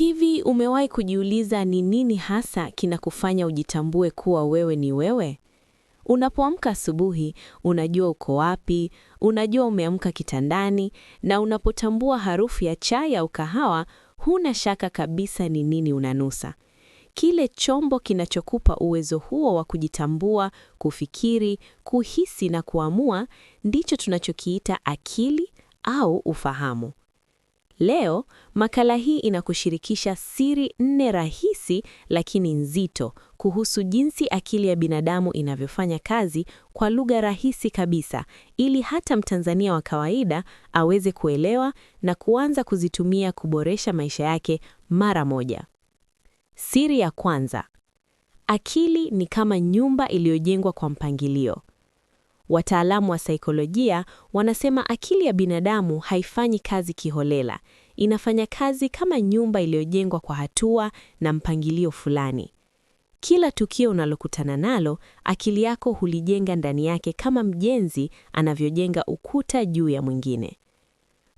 Hivi umewahi kujiuliza ni nini hasa kinakufanya ujitambue kuwa wewe ni wewe? Unapoamka asubuhi, unajua uko wapi, unajua umeamka kitandani, na unapotambua harufu ya chai au kahawa, huna shaka kabisa ni nini unanusa. Kile chombo kinachokupa uwezo huo wa kujitambua, kufikiri, kuhisi na kuamua ndicho tunachokiita akili au ufahamu. Leo makala hii inakushirikisha siri nne rahisi lakini nzito kuhusu jinsi akili ya binadamu inavyofanya kazi kwa lugha rahisi kabisa, ili hata Mtanzania wa kawaida aweze kuelewa na kuanza kuzitumia kuboresha maisha yake mara moja. Siri ya kwanza: akili ni kama nyumba iliyojengwa kwa mpangilio. Wataalamu wa saikolojia wanasema akili ya binadamu haifanyi kazi kiholela. Inafanya kazi kama nyumba iliyojengwa kwa hatua na mpangilio fulani. Kila tukio unalokutana nalo, akili yako hulijenga ndani yake kama mjenzi anavyojenga ukuta juu ya mwingine.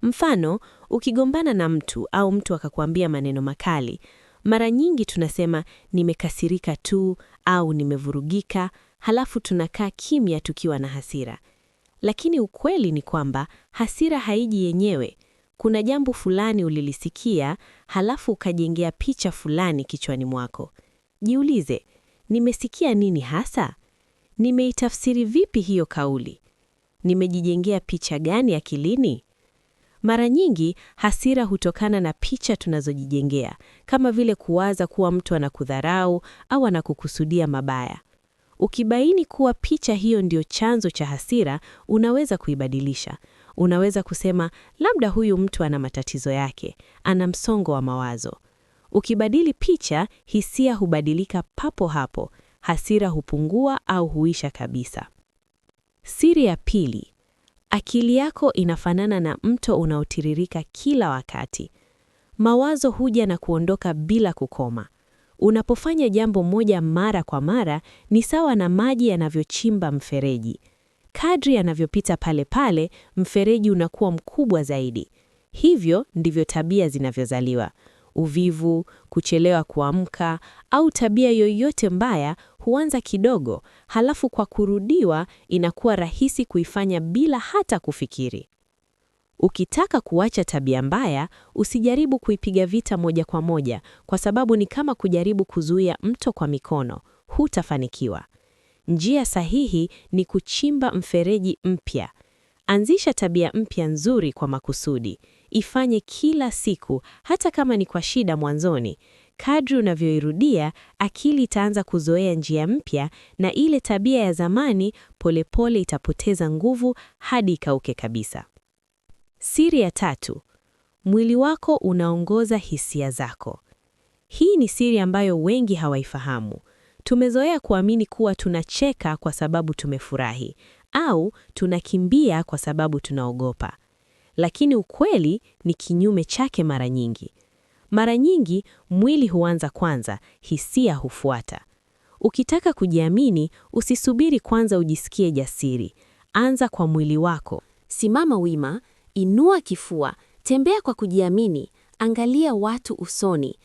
Mfano, ukigombana na mtu au mtu akakwambia maneno makali, mara nyingi tunasema nimekasirika tu au nimevurugika, halafu tunakaa kimya tukiwa na hasira. Lakini ukweli ni kwamba hasira haiji yenyewe. Kuna jambo fulani ulilisikia, halafu ukajengea picha fulani kichwani mwako. Jiulize, nimesikia nini hasa? Nimeitafsiri vipi hiyo kauli? Nimejijengea picha gani akilini? Mara nyingi hasira hutokana na picha tunazojijengea, kama vile kuwaza kuwa mtu anakudharau au anakukusudia mabaya. Ukibaini kuwa picha hiyo ndio chanzo cha hasira, unaweza kuibadilisha. Unaweza kusema labda huyu mtu ana matatizo yake, ana msongo wa mawazo. Ukibadili picha, hisia hubadilika papo hapo, hasira hupungua au huisha kabisa. Siri ya pili: akili yako inafanana na mto unaotiririka kila wakati. Mawazo huja na kuondoka bila kukoma. Unapofanya jambo moja mara kwa mara, ni sawa na maji yanavyochimba mfereji. Kadri yanavyopita pale pale, mfereji unakuwa mkubwa zaidi. Hivyo ndivyo tabia zinavyozaliwa. Uvivu, kuchelewa kuamka au tabia yoyote mbaya huanza kidogo, halafu kwa kurudiwa inakuwa rahisi kuifanya bila hata kufikiri. Ukitaka kuacha tabia mbaya, usijaribu kuipiga vita moja kwa moja, kwa sababu ni kama kujaribu kuzuia mto kwa mikono, hutafanikiwa. Njia sahihi ni kuchimba mfereji mpya. Anzisha tabia mpya nzuri kwa makusudi. Ifanye kila siku, hata kama ni kwa shida mwanzoni. Kadri unavyoirudia, akili itaanza kuzoea njia mpya na ile tabia ya zamani polepole pole itapoteza nguvu hadi ikauke kabisa. Siri ya tatu, mwili wako unaongoza hisia zako. Hii ni siri ambayo wengi hawaifahamu. Tumezoea kuamini kuwa tunacheka kwa sababu tumefurahi au tunakimbia kwa sababu tunaogopa, lakini ukweli ni kinyume chake. Mara nyingi mara nyingi mwili huanza kwanza, hisia hufuata. Ukitaka kujiamini, usisubiri kwanza ujisikie jasiri, anza kwa mwili wako. Simama wima, Inua kifua, tembea kwa kujiamini, angalia watu usoni.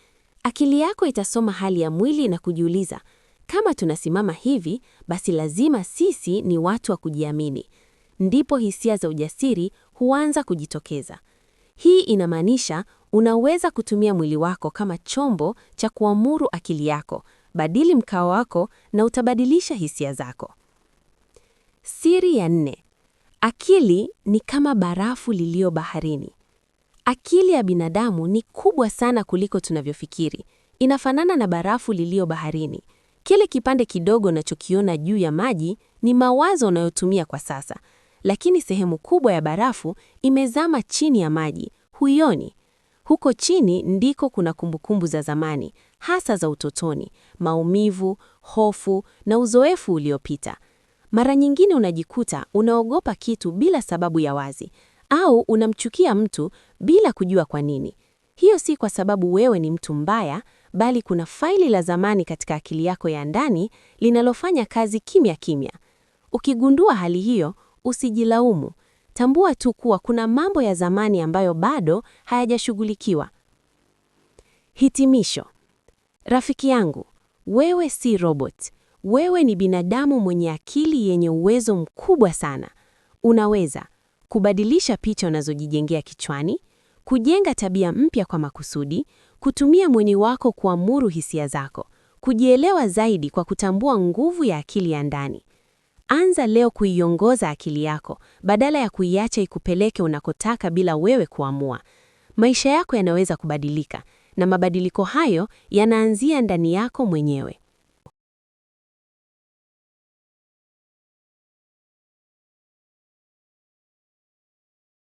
Akili yako itasoma hali ya mwili na kujiuliza, kama tunasimama hivi, basi lazima sisi ni watu wa kujiamini. Ndipo hisia za ujasiri huanza kujitokeza. Hii inamaanisha unaweza kutumia mwili wako kama chombo cha kuamuru akili yako. Badili mkao wako na utabadilisha hisia zako. Siri ya nne: Akili ni kama barafu liliyo baharini. Akili ya binadamu ni kubwa sana kuliko tunavyofikiri. Inafanana na barafu liliyo baharini. Kile kipande kidogo unachokiona juu ya maji ni mawazo unayotumia kwa sasa, lakini sehemu kubwa ya barafu imezama chini ya maji, huioni. Huko chini ndiko kuna kumbukumbu za zamani, hasa za utotoni, maumivu, hofu na uzoefu uliopita. Mara nyingine unajikuta unaogopa kitu bila sababu ya wazi au unamchukia mtu bila kujua kwa nini. Hiyo si kwa sababu wewe ni mtu mbaya, bali kuna faili la zamani katika akili yako ya ndani linalofanya kazi kimya kimya. Ukigundua hali hiyo, usijilaumu. Tambua tu kuwa kuna mambo ya zamani ambayo bado hayajashughulikiwa. Hitimisho. Rafiki yangu, wewe si robot. Wewe ni binadamu mwenye akili yenye uwezo mkubwa sana. Unaweza kubadilisha picha unazojijengea kichwani, kujenga tabia mpya kwa makusudi, kutumia mwili wako kuamuru hisia zako, kujielewa zaidi kwa kutambua nguvu ya akili ya ndani. Anza leo kuiongoza akili yako badala ya kuiacha ikupeleke unakotaka bila wewe kuamua. Maisha yako yanaweza kubadilika na mabadiliko hayo yanaanzia ndani yako mwenyewe.